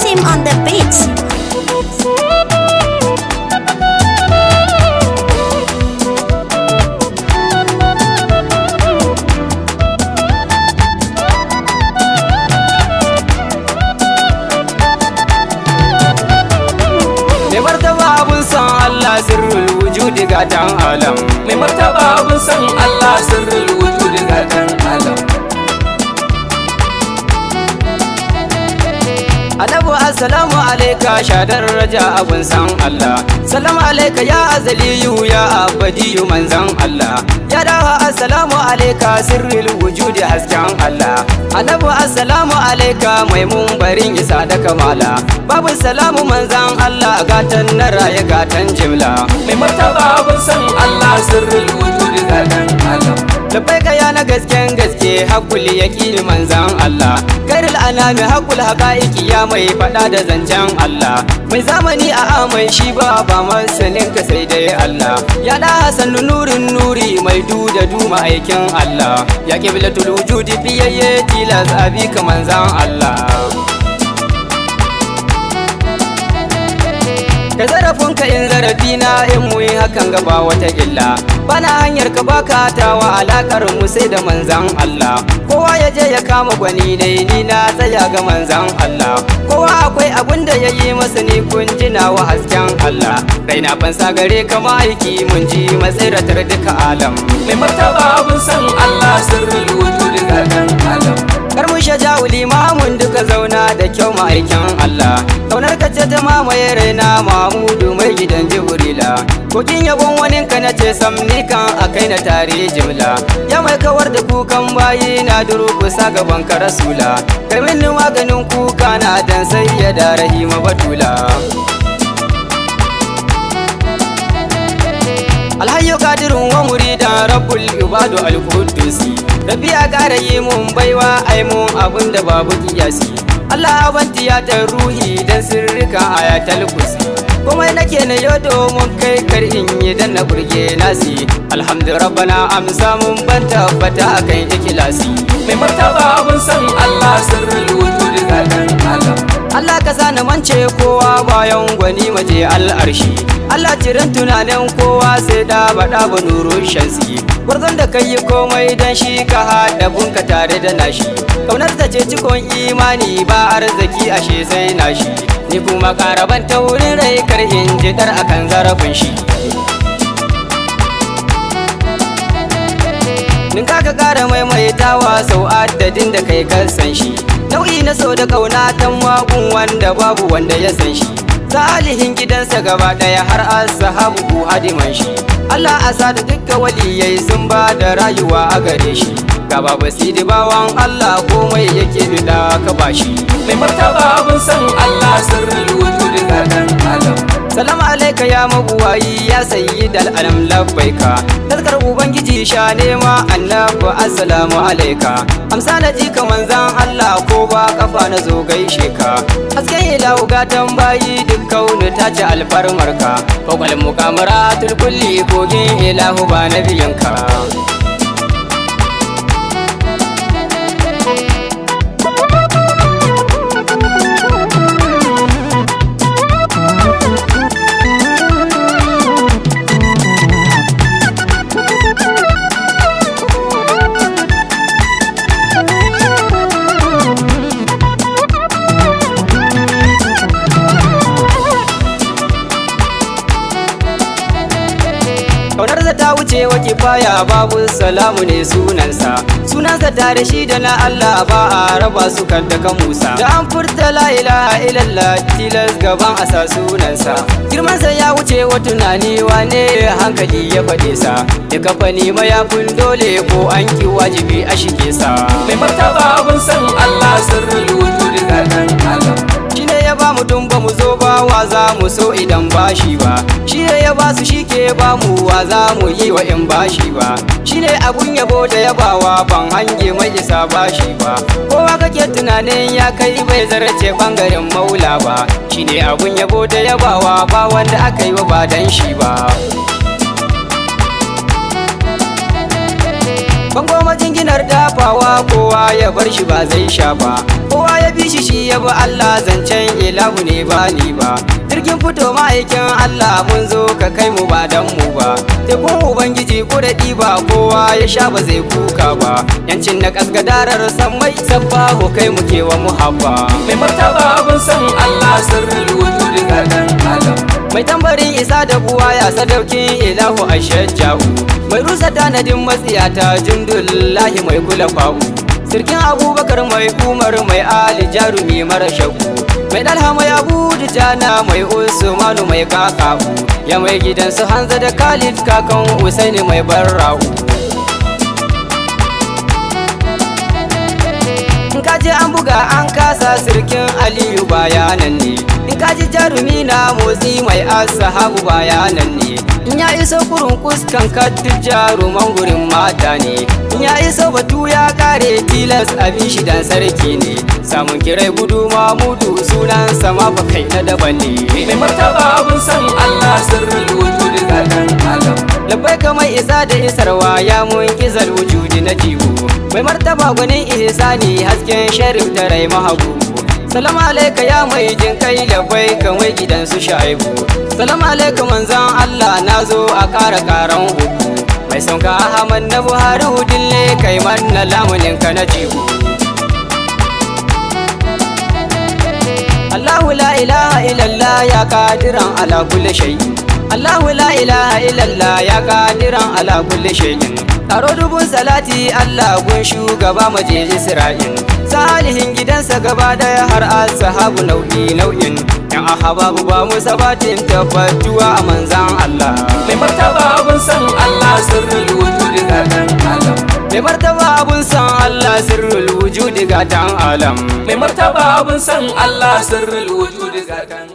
swim on the beach. Mai martaba abun san Allah sirrul wujudi ga dan alam. Mai martaba abun san Allah sirrul salamu alaika shadar raja abun san Allah salamu alaika ya azaliyu ya abadiyu manzan Allah ya dawa assalamu alaika sirril wujudi hasken Allah annabi assalamu alaika mai barin isa da kamala babu salamu manzan Allah gatan nara ya gatan jimla mai martaba abun san Allah sirril wujudi gatan Allah labbaika ya na gasken hakuli hakul yaqini manzan Allah kairul anami hakul haqaiqi ya mai fada da zancen Allah mai zamani a amai shi ba ba masanin ka sai dai Allah ya da hasanu nurin nuri mai du da du aikin Allah ya qiblatul wujudi fiyayye tila zabi ka manzan Allah ka in zarafi na in muyi hakan gaba wata illa bana hanyar ka baka tawa alakar mu sai da manzan Allah kowa ya je ya kama gwani ne ni na tsaya ga manzan Allah kowa akwai abun da ya yi masa ni kun jina wa hasken Allah na fansa gare ka ma'aiki mun ji matsiratar duka alam mai martaba mun san Allah sirrin wujud alam kar mu ma mun duka zauna da kyau ma'aikin Allah ce ta mamaye raina mamudu mai gidan jibrila kokin yabon wani ka na ce sam ni kan akai na tare jimla ya mai kawar da kukan bayi na kusa gaban ka rasula kai ni maganin kuka na dan sai ya da rahima batula alhayyo kadirin wa murida rabbul ibadu rabbi ya kare yi mun baiwa ai mun abun babu kiyasi Allah ban tiyatar ruhi dan sirrika ya talkus komai nake na yau domin kai kar in yi dan na burge nasi alhamdu rabbana amsa mun ban tabbata akan ikilasi mai martaba abun san Allah sirrul wujud dan alam Allah ka sa na mance kowa bayan gwani maje al'arshi Allah cirin tunanin kowa sai da baɗa ba nurun shansi gwarzon da kai komai dan shi ka haɗa bunka tare da nashi kaunar da ce cikon imani ba arziki ashe sai nashi ni kuma karaban ta wurin rai karhin jidar akan zarafin shi Nin ka kara maimaitawa sau adadin da kai kan san shi nau'i na so da kauna tan magun wanda babu wanda ya san shi salihin gidansa gaba ɗaya, har ashabu ku hadiman shi Allah asa da dukkan waliyai sun ba da rayuwa a gare shi ka ba basidi bawan Allah komai yake da ka shi. mai martaba abin san Allah sirrin wujudin da ka ya mabuwayi ya sayi dal'alam labbaika taskar ubangiji sha nema annabi assalamu alaika amsa na ji ka manzan allah ko ba kafa na zo gaishe ka haske ila ugatan bayi duk kaunu ta ci alfarmarka kwakwal mukamara tulkulli kogin ilahu ba na biyanka baya babu salamu ne sunansa sunansa tare shi da na Allah ba a raba su kan ta Musa da an furta la ilaha illallah tilas gaban asa sunansa sa ya wuce wa tunani wane hankali ya faɗe sa ya kafa nima ya dole ko an ki wajibi a shige sa mai martaba abun san wa za mu so idan bashi ba shi ne ya su shi ke ba mu wa za mu yi wa in bashi ba shi ne abun yabo da yabawa ban hange mai isa bashi ba kowa kake tunanin ya kai bai zarce bangaren maula ba shi ne abun yabo da yabawa ba wanda aka yi wa ba dan shi ba ranar dafawa kowa ya bar shi ba zai sha ba kowa ya bi shi shi ya bi Allah zancen ilahu ne ba ni ba jirgin fito ma'aikin Allah mun zo ka kai mu ba dan mu ba tekun ubangiji ko da ba kowa ya sha ba zai kuka ba yancin na kaskadarar mai sabba ko kai mu kewa muhabba mai martaba abin san Allah sirrin mai tambarin isa da buwa ya sadaukin ilahu a shajjahu mai rusa tanadin matsiyata jundullahi mai kula kwahu sirkin abubakar mai umar mai ali jarumi mara shagu mai dalha ya abu jana mai usmanu mai kakahu ya mai gidansu hanza da khalid kakan usaini mai barrahu je an buga an kasa sirkin aliyu bayanan ne in kaji jarumi na motsi mai asahabu bayanan ne in ya iso kurun kuskan katin jaruman gurin mata ne in ya iso batu ya kare tilas abin shi dan sarki ne samun kirai gudu mamudu sunan sama ba kai na daban ne mai martaba abun san allah sirrin wujudi da dan alam labai kamar isa da isarwa ya mun kizar wujudi na jibu mai martaba gwanin ihsani hasken sharif da rai mahagu salamu alaika ya mai jin kai da bai kamar gidan su shaibu salamu alaika manzan allah na zo a kara karan hudu mai sauka ahmad na buhari hudun ne kai manna lamunin ka na jihu Allahu la ilaha illallah ya kadiran ala kulli shay Allahu la ilaha illallah ya kadiran ala kulli shay'in taro dubun salati Allah gun shugaba maje Isra'il salihin gidansa gaba daya har al-sahabu nau'i nau'in yan ahababu ba mu sabatin tabbatuwa a manzan Allah mai martaba abun san Allah sirrul wujudi ga dan alam mai martaba abun san Allah sirrul wujudi ga dan alam mai martaba abun san Allah sirrul wujudi ga dan